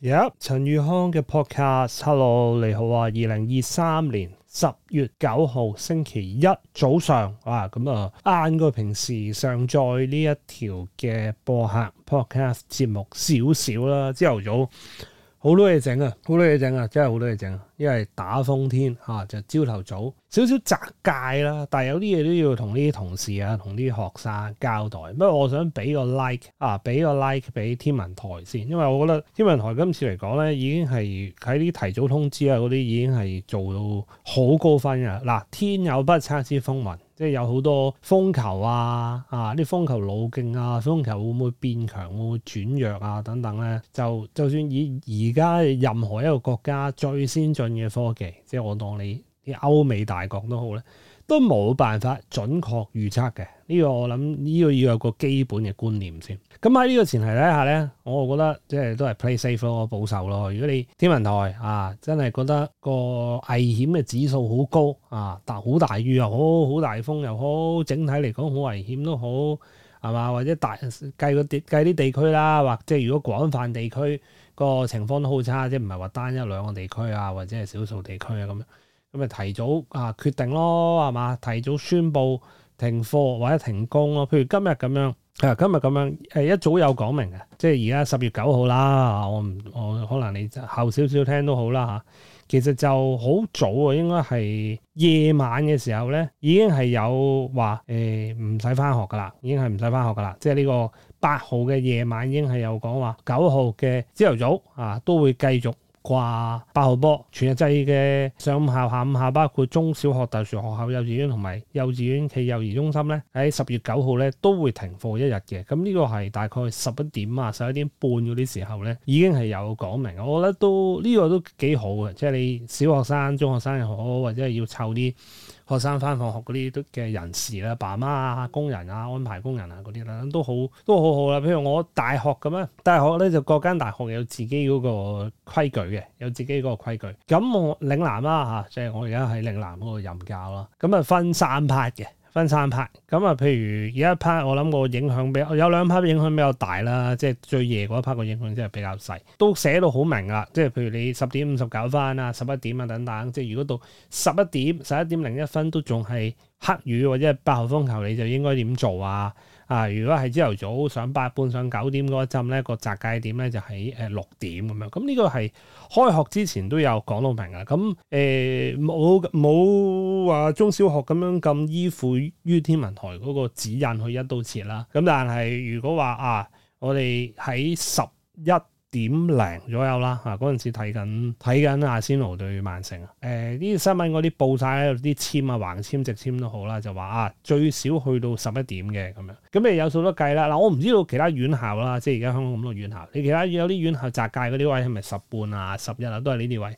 Yeah，陳宇康嘅 podcast，Hello，你好啊！二零二三年十月九號星期一早上啊，咁啊晏過平時上載呢一條嘅播客 podcast 節目少少啦。朝頭早好多嘢整啊，好多嘢整啊，真係好多嘢整啊！因為打風天嚇、啊、就朝、是、頭早少少窄界啦，但係有啲嘢都要同啲同事啊、同啲學生交代。不過我想俾個 like 啊，俾個 like 俾天文台先，因為我覺得天文台今次嚟講咧，已經係喺啲提早通知啊嗰啲已經係做到好高分嘅。嗱、啊，天有不測之風雲，即係有好多風球啊啊！啲風球路徑啊，風球會唔會變強，會唔會轉弱啊？等等咧，就就算以而家任何一個國家最先進嘅科技，即係我當你啲歐美大國都好咧，都冇辦法準確預測嘅。呢個我諗呢個要有個基本嘅觀念先。咁喺呢個前提底下咧，我就覺得即係都係 play safe 咯，保守咯。如果你天文台啊，真係覺得個危險嘅指數好高啊，但好大雨又好，好大風又好，整體嚟講好危險都好，係嘛？或者大計嗰啲計啲地區啦，或者即係如果廣泛地區。個情況都好差，即係唔係話單一兩個地區啊，或者係少數地區啊咁樣，咁咪提早啊決定咯，係嘛？提早宣布停課或者停工咯、啊。譬如今日咁樣，係、啊、今日咁樣，誒一早有講明嘅，即係而家十月九號啦。我唔，我可能你後少少聽都好啦嚇。啊其實就好早啊，應該係夜晚嘅時候咧，已經係有話誒唔使返學㗎喇，已經係唔使返學㗎喇，即係呢個八號嘅夜晚已經係有講話，九號嘅朝頭早啊都會繼續。掛八號波全日制嘅上午校、下午校，包括中小學特殊學校、幼稚園同埋幼稚園企幼兒中心咧，喺十月九號咧都會停課一日嘅。咁呢個係大概十一點啊、十一點半嗰啲時候咧，已經係有講明。我覺得都呢個都幾好嘅，即係你小學生、中學生又好，或者係要湊啲學生返放學嗰啲嘅人士啦、爸媽啊、工人啊、安排工人啊嗰啲啦，都好都好好啦。譬如我大學咁樣，大學咧就各間大學有自己嗰個規矩嘅，有自己嗰個規矩。咁我嶺南啦嚇，即係我而家喺嶺南嗰度任教啦。咁啊分三派嘅。分三 part，咁啊，譬如而家一 part，我諗個影響比較有兩 part 影響比較大啦，即係最夜嗰一 part 個影響真係比較細，都寫到好明啦，即係譬如你十點五十九分啊，十一點啊等等，即係如果到十一點、十一點零一分都仲係黑雨或者八號風球，你就應該點做啊？啊！如果係朝頭早上八半上九點嗰陣咧，呢個閘界點咧就喺誒六點咁樣。咁呢個係開學之前都有講到明嘅。咁誒冇冇話中小學咁樣咁依附於天文台嗰個指引去一刀切啦。咁但係如果話啊，我哋喺十一點零左右啦，啊嗰陣時睇緊睇緊阿仙奴對曼城、呃、啊，誒呢啲新聞嗰啲報晒啊，啲籤啊橫籤直籤都好啦，就話啊最少去到十一點嘅咁樣，咁你有數都計啦。嗱、啊、我唔知道其他院校啦，即係而家香港咁多院校，你其他有啲院校集界嗰啲位係咪十半啊十一啊都係呢啲位，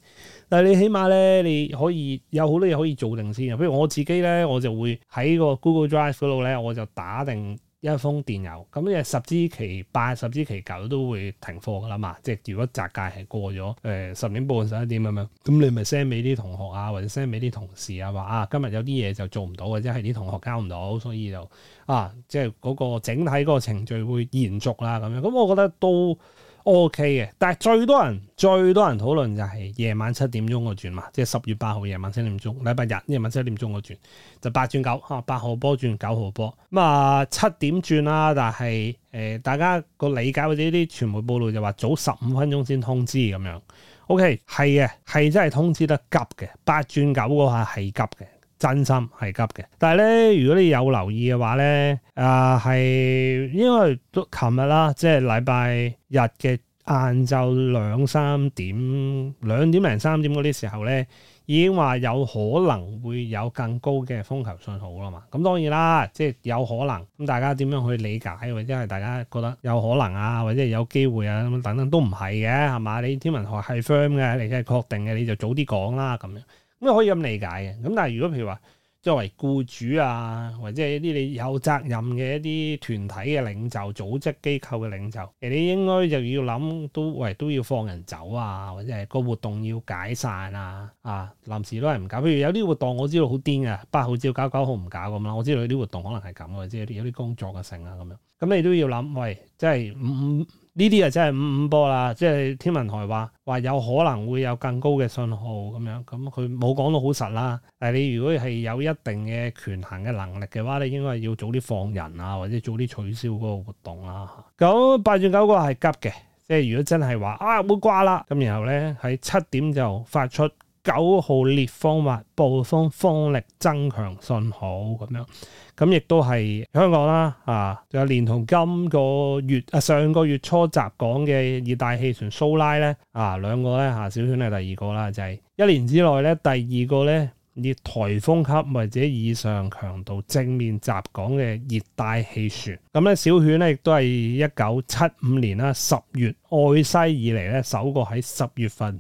但係你起碼咧你可以有好多嘢可以做定先，譬如我自己咧我就會喺個 Google Drive 嗰度咧我就打定。一封電郵，咁亦十居其八、十居其九都會停課㗎啦嘛。即係如果截界係過咗，誒、呃、十點半十一點咁樣。咁你咪 send 俾啲同學啊，或者 send 俾啲同事啊，話啊今日有啲嘢就做唔到，或者係啲同學交唔到，所以就啊，即係嗰個整體嗰個程序會延續啦咁樣。咁、嗯、我覺得都。O K 嘅，但係最多人最多人討論就係夜晚七點鐘個轉嘛，即係十月八號夜晚七點鐘，禮拜日夜晚七點鐘個轉就八轉九吓，八號波轉九號波咁啊，七點轉啦，但係誒、呃、大家個理解或者啲傳媒報道就話早十五分鐘先通知咁樣，O K 係嘅，係、okay，真係通知得急嘅，八轉九嗰下係急嘅。真心係急嘅，但係咧，如果你有留意嘅話咧，啊、呃、係因為都琴日啦，即係禮拜日嘅晏晝兩三點、兩點零三點嗰啲時候咧，已經話有可能會有更高嘅風球信號啦嘛。咁、嗯、當然啦，即係有可能咁，大家點樣去理解？或者係大家覺得有可能啊，或者係有機會啊，等等都唔係嘅，係嘛？你天文台係 firm 嘅，你梗係確定嘅，你就早啲講啦咁樣。咁可以咁理解嘅，咁但係如果譬如話作為僱主啊，或者係一啲你有責任嘅一啲團體嘅領袖、組織機構嘅領袖，你應該就要諗都，喂，都要放人走啊，或者係個活動要解散啊，啊，臨時都係唔搞。譬如有啲活動我知道好癲嘅，八號照要搞，九號唔搞咁啦。我知道有啲活動可能係咁嘅，即係有啲工作嘅性啊咁樣。咁你都要諗，喂，即係五五。嗯呢啲啊真係五五波啦，即係天文台話話有可能會有更高嘅信號咁樣，咁佢冇講到好實啦。但係你如果係有一定嘅權衡嘅能力嘅話，你應該係要早啲放人啊，或者早啲取消嗰個活動啦。咁八轉九個係急嘅，即係如果真係話啊會掛啦，咁然後咧喺七點就發出。九號烈風或暴風風力增強信號咁樣，咁亦都係香港啦啊！仲有連同今個月啊上個月初襲港嘅熱帶氣旋蘇拉咧，啊兩個咧嚇，小犬係第二個啦，就係、是、一年之內咧第二個咧列颱風級或者以上強度正面襲港嘅熱帶氣旋。咁咧小犬咧亦都係一九七五年啦十月愛茜以嚟咧首個喺十月份。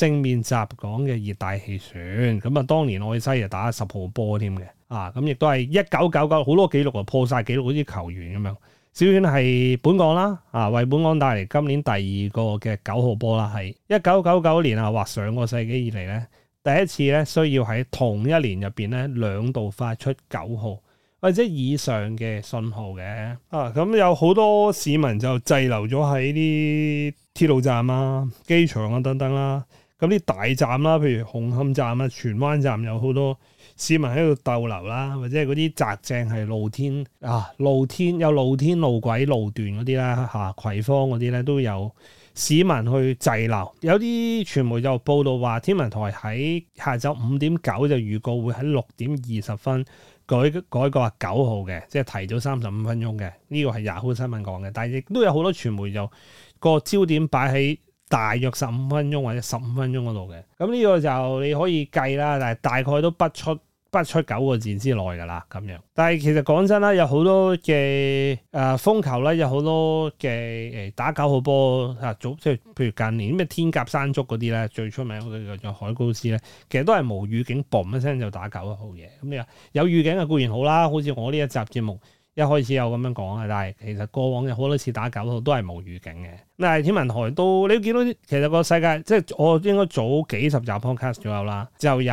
正面襲港嘅熱帶氣旋，咁啊，當年愛西啊打十號波添嘅，啊，咁亦都係一九九九好多記錄啊破晒記錄好似球員咁樣，小犬係本港啦，啊，為本港帶嚟今年第二個嘅九號波啦，係一九九九年啊或上個世紀以嚟咧，第一次咧需要喺同一年入邊咧兩度發出九號或者以上嘅信號嘅，啊，咁有好多市民就滯留咗喺啲鐵路站啊、機場啊等等啦、啊。咁啲大站啦，譬如紅磡站啊、荃灣站，有好多市民喺度逗留啦，或者係嗰啲窄正係露天啊，露天有露天路軌路段嗰啲啦，嚇、啊、葵芳嗰啲咧都有市民去滯留。有啲傳媒就報道話，天文台喺下晝五點九就預告會喺六點二十分改改個九號嘅，即係提早三十五分鐘嘅。呢個係 Yahoo 新聞講嘅，但係亦都有好多傳媒就個焦點擺喺。大約十五分鐘或者十五分鐘嗰度嘅，咁呢個就你可以計啦，但係大概都不出不出九個字之內㗎啦，咁樣。但係其實講真啦，有好多嘅誒、呃、風球啦，有好多嘅誒打九號波啊，早即係譬如近年咩天鴿山竹嗰啲咧，最出名嘅就海高斯咧，其實都係無預警嘣一聲就打九號嘢。咁你話、這個、有預警啊固然好啦，好似我呢一集節目。一開始有咁樣講嘅，但係其實過往有好多次打九號都係冇預警嘅。但係天文台都你見到，其實個世界即係我應該早幾十集 podcast 左右啦，就有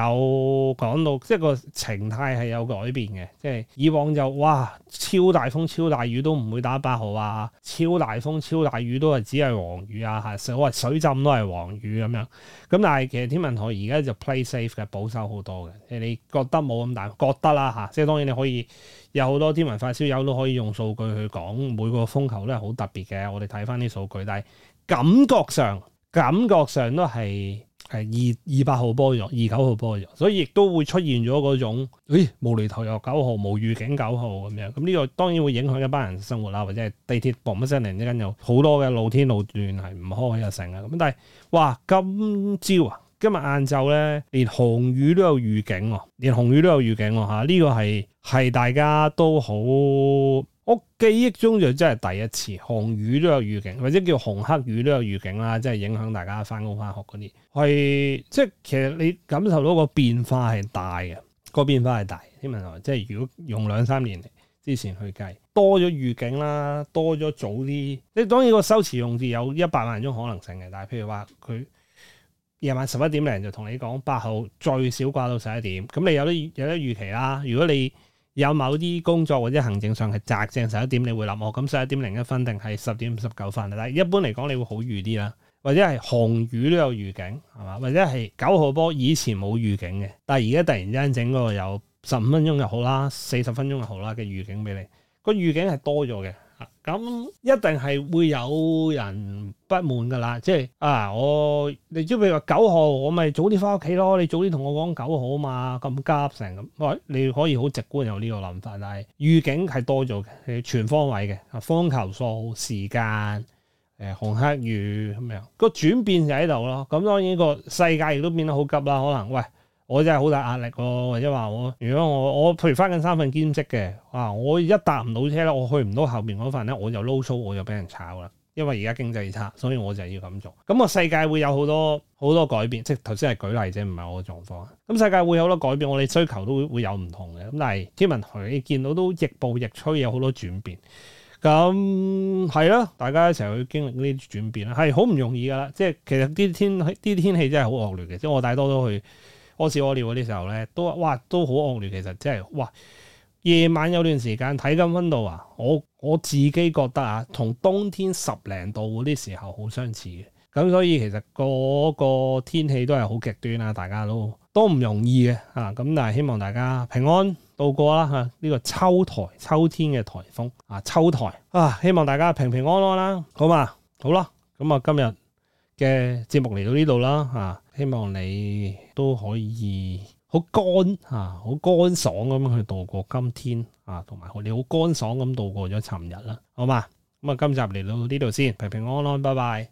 講到即係個情態係有改變嘅。即係以往就哇超大風超大雨都唔會打八號啊，超大風超大雨都係只係黃雨啊，所謂水浸都係黃雨咁樣。咁但係其實天文台而家就 play safe 嘅保守好多嘅，你覺得冇咁大覺得啦嚇。即係當然你可以。有好多天文發燒友都可以用數據去講每個風球咧，係好特別嘅。我哋睇翻啲數據，但係感覺上，感覺上都係係二二八號波咗，二九號波咗，所以亦都會出現咗嗰種，誒、哎、無釐頭又九號，無預警九號咁樣。咁、這、呢個當然會影響一班人生活啦，或者係地鐵 boom 聲嚟，一陣有好多嘅露天路段係唔開又成啊。咁但係，哇，今朝啊！今日晏晝咧，連紅雨都有預警喎、哦，連紅雨都有預警喎、哦、嚇，呢、這個係係大家都好，我記憶中就真係第一次紅雨都有預警，或者叫紅黑雨都有預警啦，即係影響大家翻工翻學嗰啲，係即係其實你感受到個變化係大嘅，個變化係大。聽聞話即係如果用兩三年之前去計，多咗預警啦，多咗早啲，你當然個修辭用字有一百萬種可能性嘅，但係譬如話佢。夜晚十一點零就同你講，八號最少掛到十一點。咁你有啲有啲預期啦。如果你有某啲工作或者行政上係扎正十一點，你會諗哦，咁十一點零一分定係十點五十九分？但係一般嚟講，你會好預啲啦。或者係紅雨都有預警係嘛？或者係九號波以前冇預警嘅，但係而家突然之間整個有十五分鐘又好啦，四十分鐘又好啦嘅預警俾你。個預警係多咗嘅。咁、嗯、一定係會有人不滿噶啦，即係啊，我你知係譬如話九號，我咪早啲返屋企咯，你早啲同我講九號嘛，咁急成咁，喂、嗯，你可以好直觀有呢個諗法，但係預警係多咗嘅，全方位嘅，啊，方球數、時間、誒、呃、紅黑雨咁樣個轉變就喺度咯，咁、嗯、當然個世界亦都變得好急啦，可能喂。我真係好大壓力喎，或者話我如果我我譬如翻緊三份兼職嘅，啊我一搭唔到車咧，我去唔到後邊嗰份咧，我就 lose show 我就俾人炒啦。因為而家經濟差，所以我就要咁做。咁個世界會有好多好多改變，即係頭先係舉例啫，唔係我嘅狀況。咁世界會有好多改變，我哋需求都會有唔同嘅。咁但係天文台你見到都逆步逆趨，有好多轉變。咁係咯，大家一齊去經歷呢啲轉變啦，係好唔容易噶啦。即係其實啲天啲天氣真係好惡劣嘅，即係我大多都去。屙屎屙尿嗰啲時候咧，都哇都好惡劣，其實真係哇！夜晚有段時間睇緊温度啊，我我自己覺得啊，同冬天十零度嗰啲時候好相似嘅。咁所以其實嗰個天氣都係好極端啊，大家都都唔容易嘅啊。咁但係希望大家平安度過啦嚇。呢個秋台秋天嘅颱風啊，秋台啊，希望大家平平安安啦啊。好嘛，好啦，咁啊今日嘅節目嚟到呢度啦啊。希望你都可以好乾啊，好乾爽咁去度過今天啊，同埋你好乾爽咁度過咗尋日啦，好嘛？咁啊，今集嚟到呢度先，平平安安，拜拜。